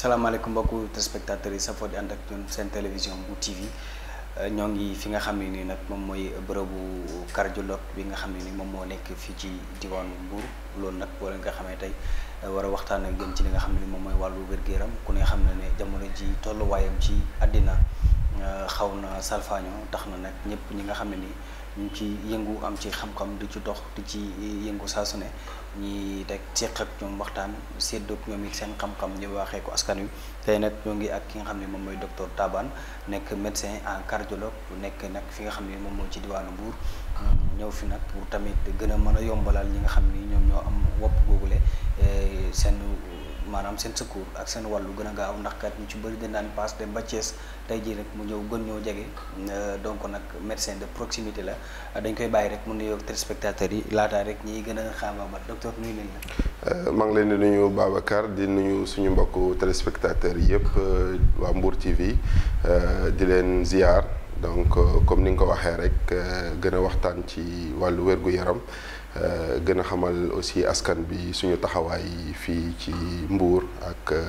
salaamaaleykum mbokku téléspectateurs yi safoo di ànd ak ñun seen télévision bu TV euh, ñoo ngi fi nga xam ne nii nag moom mooy bërëbu cardiologue bi nga xam ne ni moom moo nekk fii ci diwaanu Mbour loolu nag boo leen nga xamee tey euh, war a waxtaan ak gën ci li nga xam ne ni moom mooy wàllu wér gu ku ne xam ne ne jamono ji tolluwaayam ci àddina euh, xaw na salfaañoo tax na nag ñëpp ñi nga xam ne nii ñu ci yëngu am ci xam-xam di ci dox di ci yëngu saa su ne ñi rek séq ak ñoom waxtaan séddoog ñoom it seen xam-xam ñu waaxee ko askan wi tey nag ñoo ngi ak ki nga xam ne moom mooy docteur taaban nekk médecin en cardiologue nekk nag fi nga xam ne moom moom ci diwaanu Mbour ñëw fi nag pour tamit gën a mën a yombalal ñi nga xam ni ñoom ñoo am wopp googule eh, seen maanaam seen secours ak seen wàllu gën a aw ndax kat ñu ci bëri dañ daan paas dem ba Thiès tey jii rek mu ñëw gën ñoo jege euh, donc nag médecin de proximité la dañ koy bàyyi rek mu nuyoog téléspectateurs yi laataa rek ñiy gën a xaamaamal docteur nuyu leen la. Euh, maa ngi leen di nuyu Babacar di nuyu suñu mbokku yi yëpp euh, waa Mbour TV di leen ziar donc comme ni nga ko waxee rek gën a waxtaan ci wàllu wér gu yaram. Eh, gëna xamal aussi askan bi suñu taxaway fi ci mbour ak eh,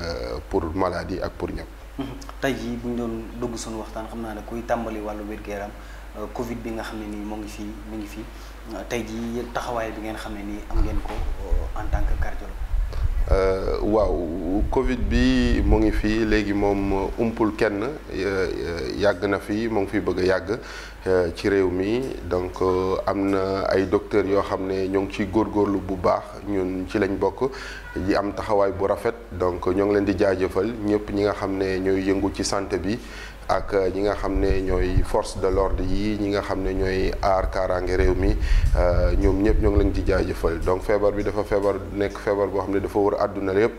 pour maladie ak pour ñam mhm. tay ji buñ doon dugg suñu waxtaan xamna na kuy tambali walu wër gëram eh, covid bi nga xamné ni mo ngi fi mo ngi fi tay ji taxaway bi ngeen xamné ni am ngeen ko en tant que cardiologue Euh, waaw Covid bi mu ngi fii léegi moom umpul kenn yàgg na fi moo ngi fi bëgg a yàgg euh, ci réew mi donc euh, am na ay docteurs yoo xam ne ñoo ngi ciy góorlu bu baax ñun ci lañ bokk yi am taxawaay bu rafet donc ñoo ngi leen di jaajëfal ñëpp ñi nga xam ne ñooy yëngu ci santé bi. ak euh, ñi nga xam ne ñooy force de l'ordre yi ñi nga xam ne ñooy aar kaaraange réew mi euh, ñoom ñëpp ñoo ngi leen ci jaajëfal donc feebar bi dafa feebar nekk feebar boo xam ne dafa war àdduna yëpp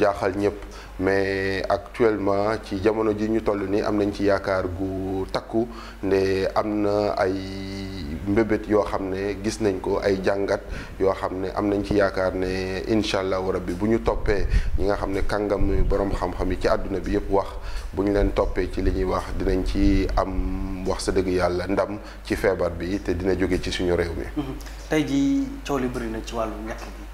jaaxal ñëpp mais actuellement ci jamono ji ñu toll nii am nañ ci yaakaar gu takku ne am na ay mbébét yoo xam ne gis nañ ko ay jàngat yoo xam ne am nañ ci yaakaar ne incha allahu bi bu ñu toppee ñi nga xam ne kàngam borom xam-xam yi ci àdduna bi yëpp wax bu ñu leen toppee ci li ñuy wax dinañ ci am wax sa dëgg yàlla ndam ci feebar bi te dina jóge ci suñu réew mi. Mm-hmm. tey jii coow li bëri na ci wàllu ñàkk bi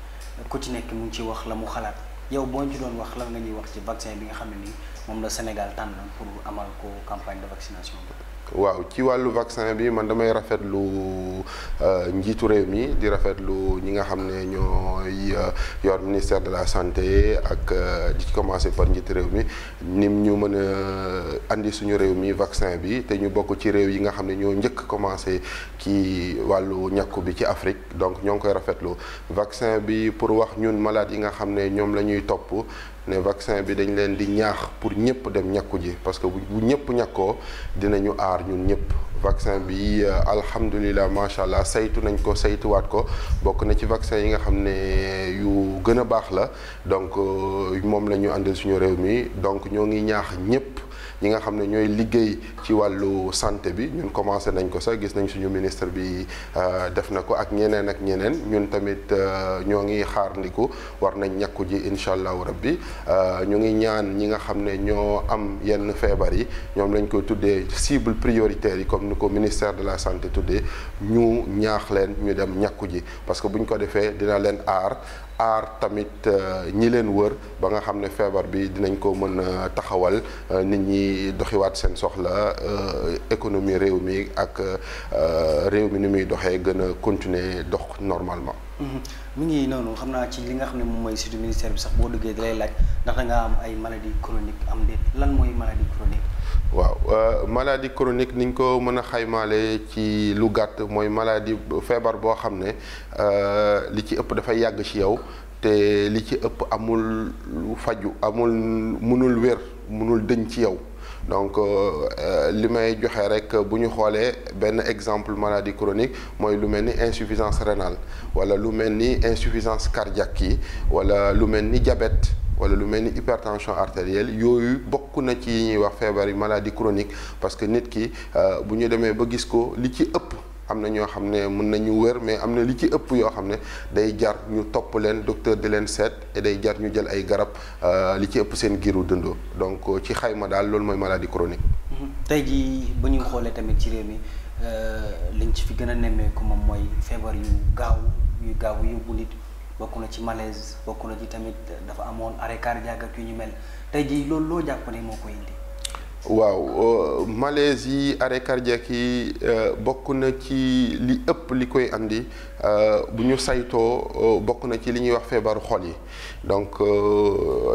ku ci nekk mu ci wax la mu xalaat yow boo ci doon wax lan nga ñuy wax ci vaccin bi nga xam ne nii moom la Sénégal tànn pour amal ko campagne de vaccination bi. waaw ci wàllu vaccin bi man damay rafetlu euh, njiitu réew mi di rafetlu ñi nga xam ne ñooy euh, yor ministère de la santé ak euh, di ci commencé par njiitu réew mi nim ñu mën a andi suñu réew mi vaccin bi te ñu bokk ci réew yi nga xam ne ñoo njëkk commencé ci wàllu ñàkku bi ci Afrique donc ñoo ngi koy rafetlu vaccin bi pour wax ñun malaat yi nga xam ne ñoom la ñuy topp ne vaccin bi dañ leen di ñaax pour ñëpp dem ñàkku ji parce que bu ñëpp ñàkkoo dinañu aar ñun ñëpp vaccin bi euh, alhamdulilah macha allah saytu nañ ko saytuwaat ko bokk na ci vaccin yi nga xam ne euh, yu gën a baax la donc euh, moom la ñu andil suñu réew mi donc ñoo ngi ñaax ñëpp ñi nga xam ne ñooy liggéey ci wàllu santé bi ñun commencé nañ ko sax gis nañ suñu ministre bi euh, def na ko ak ñeneen ak ñeneen ñun tamit euh, ñoo ngi xaar war nañ ñàkku ji incha allahu rabbi euh, ñu ngi ñaan ñi nga xam ne ñoo am yenn feebar yi ñoom lañ koy tuddee cible prioritaire yi comme ni ko ministère de la santé tuddee ñu ñaax leen ñu dem ñàkku ji parce que buñ ko defee dina leen aar aar tamit euh, ñi leen wër ba nga xam ne feebar bi dinañ ko mën a taxawal euh, nit ñi doxiwaat seen soxla euh, économie réew mi ak réew mi ni muy doxee gën a continuer dox normalement. mu mhm. ngi noonu xam naa ci li nga xam ne moom mooy surtout ministère bi sax boo duggee dalay laaj ndax da am ay maladie chronique am déet lan mooy maladie chronique. waaw euh, maladie chronique nga ko mën a xaymaale ci lu gàtt mooy maladie feebar boo xam ne euh, li ci ëpp dafay yàgg ci yow te li ci ëpp amul faju amul mënul wér mënul dëñ ci yow donc euh, li may joxe rek bu ñu xoolee benn exemple maladie chronique mooy lu mel ni insuffisance rénale wala lu mel ni insuffisance cardiaque yi wala lu mel ni jabet wala lu melni hypertension artérielle yoyu bokku na ci yi wax fièvre maladie chronique parce que nit ki euh, bu ñu démé ba gis ko li ci ëpp amna ño xamné mën nañu wër mais amna li ci ëpp yo xamné day jar ñu top leen docteur di leen seet et day jar ñu jël ay garab euh, li ci ëpp seen giru dëndo donc ci xayma dal lool moy maladie chronique. Mm-hmm. tey jii ba ñu xolé tamit ci réew mi euh liñ ci fi gëna némé ko moom moy fièvre yu gaaw yu gaaw yóbbu nit. bokk na ci malaise bokk na ci tamit dafa amoon arrêt cardiaque yu ñu mel te jii loolu loo jàpp ne moo ko indi. waaw euh, malaise yi arrêt cardiaque euh, bokk na ci li ëpp li koy andi euh, bu ñu saytoo bokk na ci li ñuy wax feebaru xol yi donc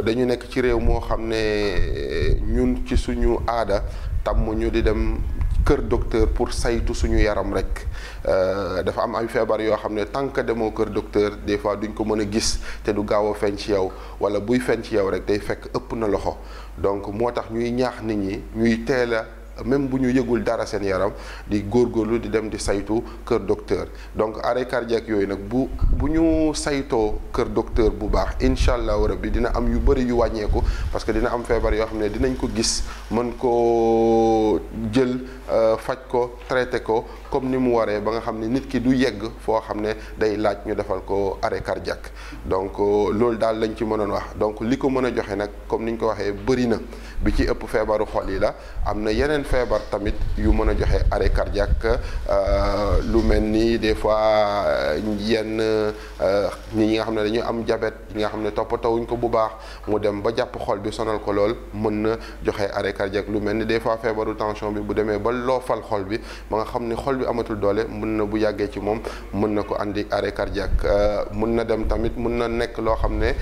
dañu nekk ci réew moo xam ne ñun ci suñu aada tàmm ñu di dem kër docteur pour saytu suñu yaram rek euh, dafa am ay feebar yoo xam ne tant que demoo kër docteur des fois duñ ko mën a gis te du gaaw a feeñ ci yow wala buy feeñ ci yow rek day fekk ëpp na loxo donc moo tax ñuy ñaax nit ñi ñuy teel même bu ñu yëgul dara seen yaram di góorgóorlu di dem di saytu kër docteur donc arrêt cardiaque yooyu nag bu bu ñu saytoo kër docteur bu baax incha allahu rabbi dina am yu bëri yu wàññeeku parce que dina am feebar yoo xam ne dinañ ko gis mën ko jël euh, faj ko traité ko comme ni mu waree ba nga xam ne nit ki du yegg foo xam ne day laaj ñu defal ko arrêt cardiaque donc euh, loolu daal lañ ci mënoon wax donc li ko mën a joxe nag comme niñ ko waxee bëri na bi ci ëpp feebaru yi feebar tamit yu mën a joxe arrêt cardiaque euh, lu mel nii des fois euh, yenn euh, ñi nga xam ne dañuy am jabet ñi nga xam ne toppatawuñ ko bu baax mu dem ba jàpp xol bi sonal ko lool mën na joxe arrêt cardiaque lu mel ni des fois feebaru tension bi bu demee ba loofal fal xol bi ba nga xam ni xol bi amatul doole mën na bu yàggee ci moom mën na ko andi arrêt cardiaque mën na dem tamit mën na nekk loo xam ne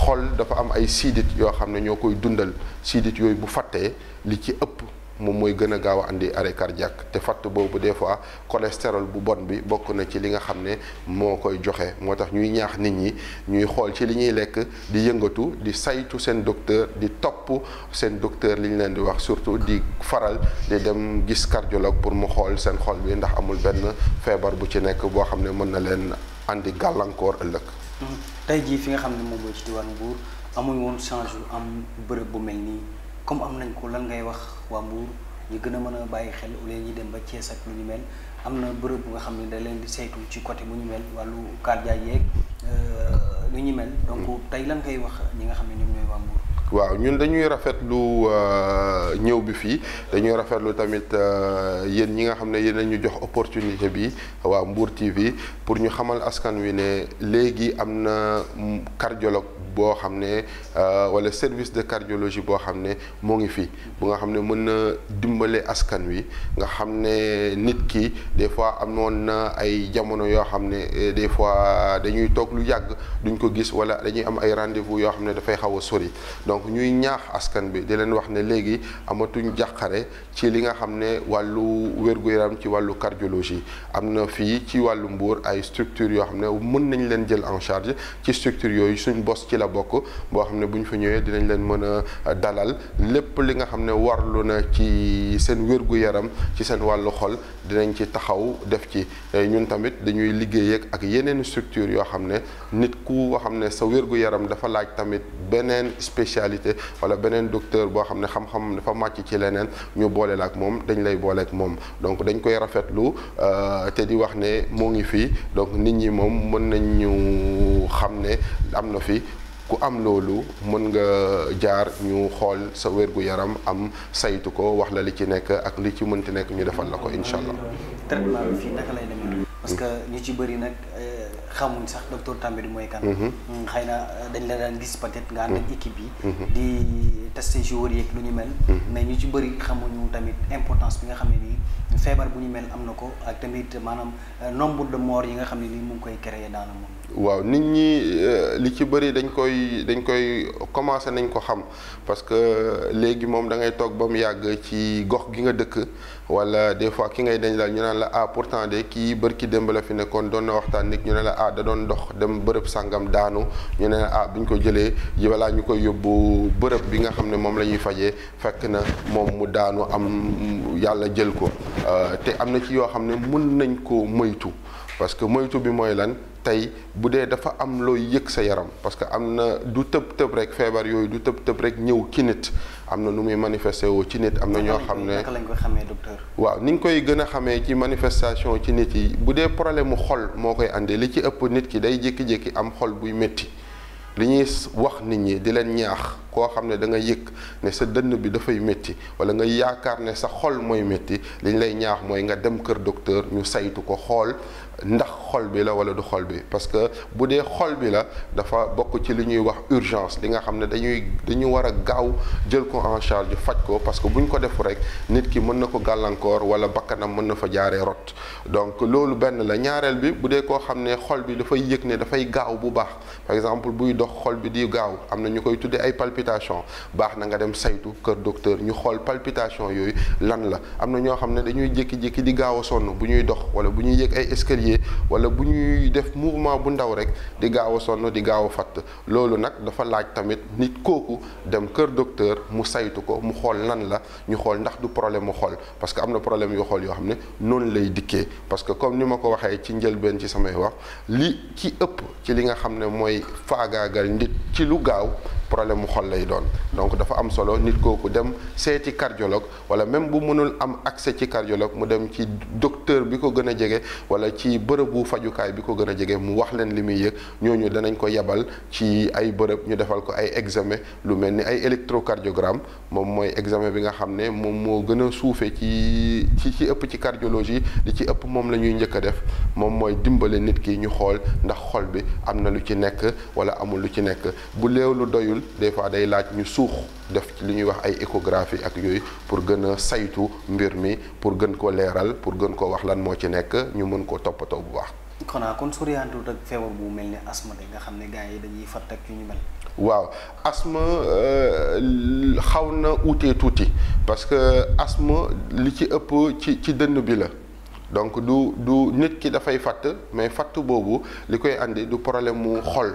xol dafa am ay siidit yoo xam ne ñoo koy dundal siidit yooyu bu fattee li ci ëpp moom mooy gën a gaaw a andi arrêt cardiaque te fatt boobu des fois cholestérol bu bon bi bokk na ci li nga xam ne moo koy joxe moo tax ñuy ñaax nit ñi ñuy xool ci li ñuy lekk di yëngatu di saytu seen docteur di topp seen docteur li ñu leen di wax surtout di faral di dem gis cardiologue pour mu xool seen xol bi ndax amul benn feebar bu ci nekk boo xam ne mën na leen andi gàllankoor ëllëg. tey jii fi nga xam ne moom mooy ci diwaan Mbour amuñ woon change am bërëb bu mel nii. comme am nañ ko lan ngay wax waa Mbour ñu gën a mën a bàyyi xel au lieu ñuy dem ba Thiès ak lu ñu mel am na bërëb bu nga xam ne da leen di saytu ci côté mu ñu mel wàllu cardiaque yeeg euh, lu ñu mel. donc mm-hmm. tey lan ngay wax ñi nga xam ne ñoom ñooy waa Mbour. waaw ñun dañuy rafetlu euh, ñëw bi fii dañuy rafetlu tamit euh, yéen ñi nga xam ne yéen ñu jox opportunité bi waa Mbour TV pour ñu xamal askan wi ne léegi am na mm, cardiologue. boo xam euh, wala service de cardiologie bo xamné ne ngi fi bu nga xamné ne mën na dimbale askan wi nga xamné ne nit ki des fois amoon na ay jamono yo xamné ne euh, des fois dañuy tok lu yagg duñ ko gis wala dañuy am ay rendez-vous yo xamné ne fay xaw sori donc ñuy ñaax askan bi di leen wax ne légui amatuñ jaxaré ci li nga xamné ne wàllu yaram ci walu cardiologie amna fi ci walu mbuur ay structure yo xamné ne mën nañ leen jël en charge ci structure yooyu suñ boss ci la bokk bo xamne buñ fa ñëwé dinañ leen mëna dalal lépp li nga xamne warlu na ci seen wërgu yaram ci seen walu xol dinañ ci taxaw def ci ñun tamit dañuy liggéey ak yeneen structure yo xamne nit ku xam ne sa wërgu yaram dafa laaj tamit benen spécialité wala benen docteur bo xamne xam-xam dafa màcc ci leneen ñu bolé lak mom dañ lay bolé ak mom donc dañ koy rafetlu te di wax ne mo ngi fi donc nit ñi mom mën nañ ñu xamne amna fi ku am loolu mën nga jaar ñu xool sa wergu yaram am saytu ko wax la li ci nekk ak li ci mënti nekk ñu defal la ko incha allah traitement bi fii naka lay demee parce que ñu ci bëri nag xamuñ sax docteur tambe du moy kan xay mhm. mm, na eh, dañ la daan gis mhm. peut nga ànd ak équipe bi mhm. di testé joueurs yeeg lu ñu mel mais ñu ci bëri xamuñu tamit importance bi nga xam ne nii feebar bu ñu mel am na ko ak tamit maanaam eh, nombre de mort yi nga xam ne nii mu ngi koy ya créé dans le monde waaw nit ñi eh, li ci bëri dañ koy dañ koy commencé nañ ko xam parce que léegi moom da ngay toog ba ya mu yàgg ci gox gi nga dëkk wala des fois ki ngay denc daal ñu naan la ah pourtant de kii bërki démb la fi nekkoon doon na waxtaan nit ñu ne la ah da dox dem bërëb sàngam daanu ñu ne la ah buñ ko jëlee balaa ñu koy yóbbu bërëb bi nga xam ne moom la ñuy fajee fekk na moom mu daanu am yàlla jël ko euh, te am na ci yoo xam ne mën nañ ko moytu parce que moytu bi mooy lan tey bu dee dafa am looy yëg sa yaram parce que am na du tëb tëb rek feebar yooyu du tëb tëb rek ñëw ci nit am na nu muy manifesté woo ci nit am na ñoo xam ne lañ koy xamee docteur waaw ni ñu koy gën a xamee ci manifestation ci nit yi bu dee problème mu xol moo koy andi li ci ëpp nit ki day jékki-jékki am xol buy métti li ñuy wax nit ñi di leen ñaax koo xam ne da nga yëg ne sa dënn bi dafay métti wala nga yaakaar ne sa xol mooy métti li ñu lay ñaax mooy nga dem kër docteur ñu saytu ko xool ndax xol bi la wala du xol bi parce que bu dee xol bi la dafa bokk ci li ñuy wax urgence li nga xam ne dañuy dañu war a gaaw jël ko en charge faj ko parce que buñ ko def rek nit ki mën na ko gàllankoor wala bakkanam mën na fa jaaree rot donc loolu benn la ñaareel bi bu dee koo xam ne xol bi dafay yëg ne dafay gaaw bu baax par exemple buy dox xol bi di gaaw am na ñu koy tuddee ay palpitations baax na nga dem saytu kër docteur ñu xol palpitation yooyu lan la am na ñoo xam ne dañuy jékki-jékki di gaaw a sonn bu ñuy dox wala bu ñuy yëg ay escalier atelier wala bu ñuy def mouvement bu ndaw rek di gaaw a sonn di gaaw a fàtt loolu nag dafa laaj tamit nit kooku dem kër docteur mu saytu ko mu xool nan la ñu xool ndax du problème mu xool parce que am na problème yu xool yoo xam ne noonu lay dikkee parce que comme ni ma ko waxee ci njëlbeen ci samay wax li ci ëpp ci li nga xam ne mooy faagaagal nit ci lu gaaw problème xol lay doon donc dafa am solo nit koku dem seeti cardiologue wala même bu mënul am accès ci cardiologue mu dem ci docteur biko gëna gën jege wala ci bërëbu fajukaay bi ko gën a mu wax leen li muy yëg ñooñu danañ ko yabal ci ay bërëb ñu defal ko ay examen lu melni ay électrocardiogramme mom moy examen bi nga xamné mom mo gëna gën ci ci ci ëpp ci cardiologie li ci ëpp mom la ñuy def mom moy dimbalé nit ki ñu xol ndax xol bi am lu ci nekk wala amul lu ci nekk bu lu doyul des fois day laaj ñu suux def ci li ñuy wax ay échographie ak yooyu pour gën a saytu mbir mi pour gën ko leeral pour gën ko wax lan moo ci nekk ñu mën ko toppatoo bu baax. xanaa kon soriyaantul ak feebar bu mel ni asma de nga xam ne gars yi dañuy fàtt ak yu ñu mel. waaw asma euh, xaw na uutee tuuti parce que asma li ci ëpp ci ci dënn bi la. donc du du nit ki dafay fàtt mais fàtt boobu li koy andi du problème mu xol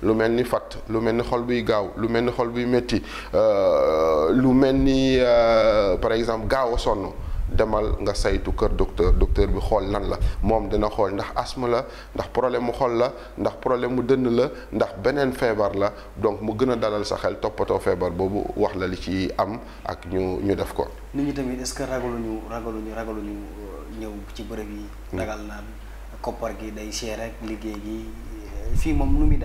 lu mel ni fatt lu mel ni xol buy gaaw lu mel ni xol buy métti euh, lu mel ni euh, par exemple gaaw a sonn demal nga saytu kër docteur docteur bi xool nan la moom dina xool ndax asthme la ndax problème mu xol la ndax problème mu dënn la ndax beneen feebar la donc mu gën a dalal sa xel toppatoo feebar boobu wax la li ci am ak ñu ñu def ko. nit ñi tamit est-ce que ragaluñu ragaluñu ragaluñu euh, ñëw ci bërëb yi. Hmm. ragal naan koppar gi day cher rek liggéey gi fii moom nu muy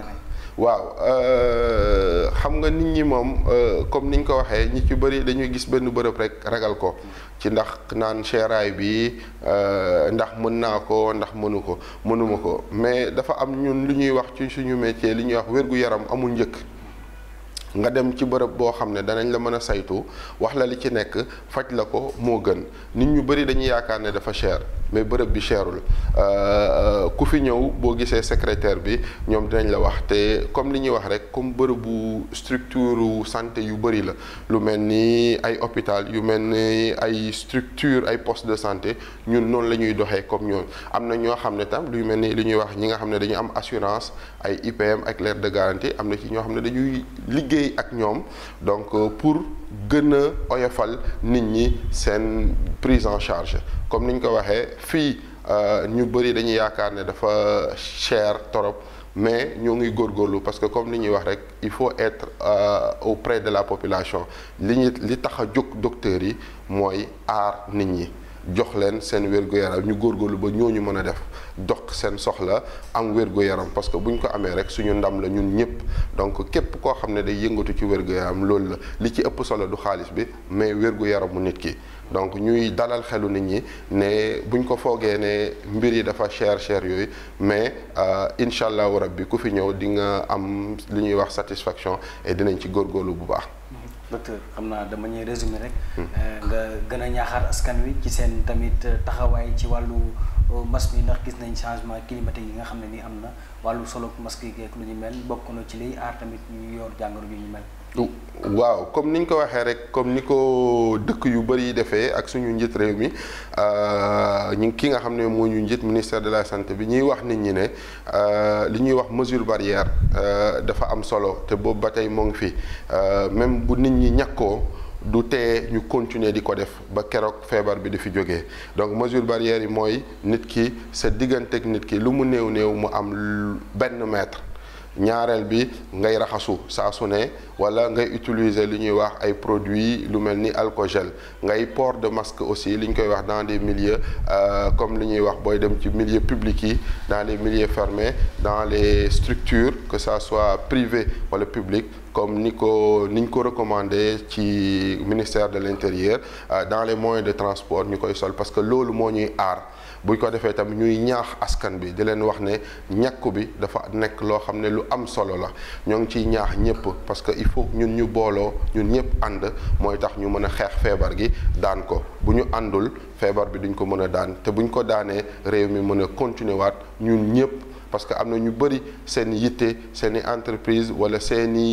waaw euh, xam nga nit ñi moom euh, comme niñ ko waxee nit ci bëri dañuy gis benn bërëb rek ragal ko ci ndax naan seeraay bi euh, ndax mën naa ko ndax mënu ko mënuma ko mais dafa am ñun li ñuy wax ci suñu métier li ñuy wax wér-gu-yaram amul njëkk nga dem ci bërëb boo xam ne danañ la mën a saytu wax la li ci nekk faj la ko moo gën nit ñu bëri dañuy yaakaar ne dafa cher mais bërëb bi cherul euh, euh, ku fi ñëw boo gisee secrétaire bi ñoom dinañ la wax te comme li ñuy wax rek comme bërëbu structure santé yu bëri la lu mel ni ay hôpital yu mel ni ay structure ay poste de santé ñun noonu la ñuy doxee comme ñoom am na ñoo xam ne tam lu mel ni li ñuy wax ñi nga xam ne dañu am assurance ay IPM ak lettre d garantie am na ci ñoo xam ne dañuy liggéey ak ñom donc euh, pour gën a oyofal nit ñi sen prise en charge comme niñ ko waxé fi euh, ñu bëri dañuy yaakaar dafa cher torop mais ñoo ngi góorgóorlu parce que comme li ñuy wax rek il faut être euh, auprès de la population li ñu li tax a jóg docteurs yi nit ñi jox leen seen wér-gu-yaram ñu gorgolu ba ñoñu mëna def dox sen soxla am wergu gu yaram parce que buñ ko amé rek suñu ndam la ñun ñëpp donc képp ko xamné day yëngatu ci wergu gu yaram loolu la li ci ëpp solo du xaaliss bi mais wergu gu mu nit ki donc ñuy dalal xelu nit ñi né buñ ko foggé né mbir yi dafa cher cher yoy mais euh, incha allahu rabbi ku fi ñëw di nga am li ñuy wax satisfaction et dinañ ci gorgolu bu baax docteur xam naa dama ñuy résumé rek. Hmm. Euh, nga gën a ñaaxaar askan wi ci seen tamit euh, taxawaay ci wàllu euh, mas yi ndax gis nañ changement climatique yi nga xam ne ni am na wàllu solo masque yi lu ñu mel bokk na ci liy aar tamit ñu yor jàngoro yu ñu mel. Wow, comme niñ ko waxee rek comme ni ko dëkk yu bëri yi defee ak suñu njit réew mi euh, ñi ki nga xam ne moo ministère de la santé bi ñuy wax nit ñi ne euh, barrière euh, dafa am solo te boobu ba tey moo ngi fi même bu nit ñi ñàkkoo du tee ñu continuer di ko def ba keroog feebar bi di fi jógee donc mesure barrière yi mooy nit ki sa digganteeg nit ki lu mu néew néew mu am mètre Nous bi ngay raxasu sa suné wala ngay utiliser li wax ay produits lu melni ni alcogel ngay port de masque aussi liñ koy wax dans des milieux euh, comme li ñuy wax boy dem ci milieu public dans les milieux fermés dans les structures que ça soit privé wala public comme nous avons recommandé ci ministère de l'intérieur euh, dans les moyens de transport sol parce que l'eau est ñuy art buñ ko defee tamit ñuy ñaax askan bi di leen wax ne ñàkku bi dafa nekk loo xam ne lu am solo la ñoo ngi ciy ñaax ñëpp parce que il faut ñun ñu booloo ñun ñëpp ànd mooy tax ñu mën a xeex feebar gi daan ko bu ñu àndul feebar bi duñ ko mën a daan te buñ ko daanee réew mi mën a continuer waat ñun ñëpp parce que am na ñu bëri seen yitte seen i entreprise wala seeni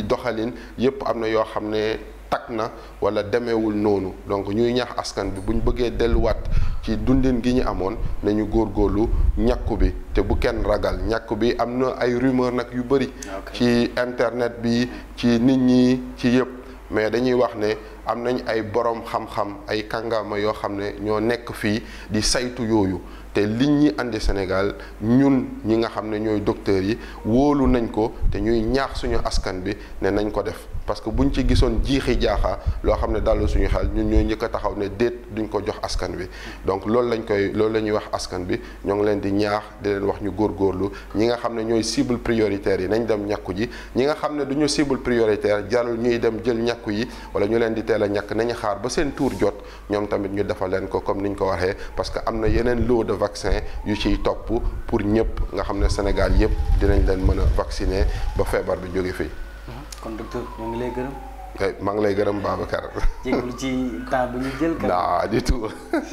i doxalin yëpp am na yoo xam ne takk na wala demeewul noonu donc ñuy ñax askan bi bu ñu bëggee delluwaat ci dundin gi ñu amoon nañu góor góorlu ñàkku bi te bu kenn ragal ñàkku bi am na ay rumeur nag yu bëri ci internet bi ci nit ñi ci yëpp mais dañuy wax ne am nañ ay borom xam-xam ay kàngaama yoo xam ne ñoo nekk fii di saytu yooyu té liñ ñi andé Sénégal ñun ñi nga xamné ñoy docteur yi wolu nañ ko té ñuy ñaax suñu askan bi né nañ ko def parce que buñ ci gisoon jiixi jaaxa lo xamné dalu suñu xal ñun ñoy ñëk taxaw né dét duñ ko jox askan bi donc loolu lañ koy loolu lañuy wax askan bi ñoo ngi leen di ñaax di leen wax ñu gor gorlu ñi nga xamné ñoy cible prioritaire yi nañ dem ñakku ji ñi nga xamné duñu cible prioritaire jaru ñuy dem jël ñakku yi wala ñu leen di téla ñak nañ xaar ba seen tour jot ñom tamit ñu defal leen ko comme niñ ko waxé parce que amna yeneen lot de vaccin yu ci top pour ñëpp nga xamné Sénégal yëpp dinañ leen mëna vacciner ba fièvre bi jóge fii. Mhm. kon docteur ñu ngi lay gërëm. kay maa ngi lay gërëm Babacar. jégalu ci temps bu ñu jël. non du tout.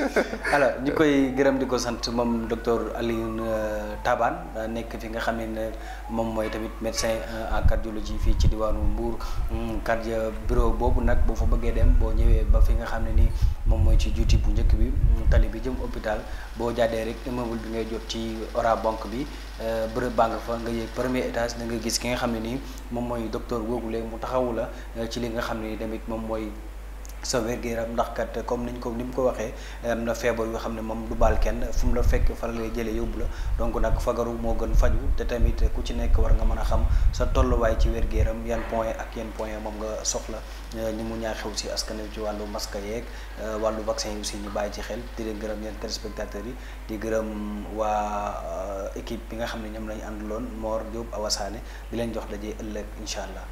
alors ñu koy gërëm di ko sant moom docteur Alioune euh, Tabane euh, nekk fi nga xam ne moom mooy tamit médecin euh, en cardiologie fii ci diwaanu Mbour hmm, cardio bureau boobu nag boo fa bëggee dem boo ñëwee ba fi nga xam ne ni moom mooy ci juuti bu njëkk bi hmm, tali bi jëm hôpital boo jàddee rek immeuble bi ngay jot ci ora banque bi. Euh, bërëb baa nga fa nga yéeg premier étage da nga gis ki nga xam ne nii moom mooy docteur googu léegi mu taxawu la euh, ci li nga xam ne ni tamit moom mooy sa wér gi ram ndax kat comme niñ ko nim ko waxé am na fébar yo xamné mom du bal kenn fum la fekk fa lay jëlé yobul donc nak fagaru mo gën faju té tamit ku ci nek war nga mëna xam sa tollu way ci wér gi ram yan point ak yan point mom nga soxla ñi eh, mu ñaar xew ci askane ci walu maska yek eh, walu vaccin yu ci ñu bay ci xel di leen gërëm yeen yi di gërëm wa eh, équipe bi nga xamné ñam lañ andulon mor diop awasané di leen jox dajé ëlëk inshallah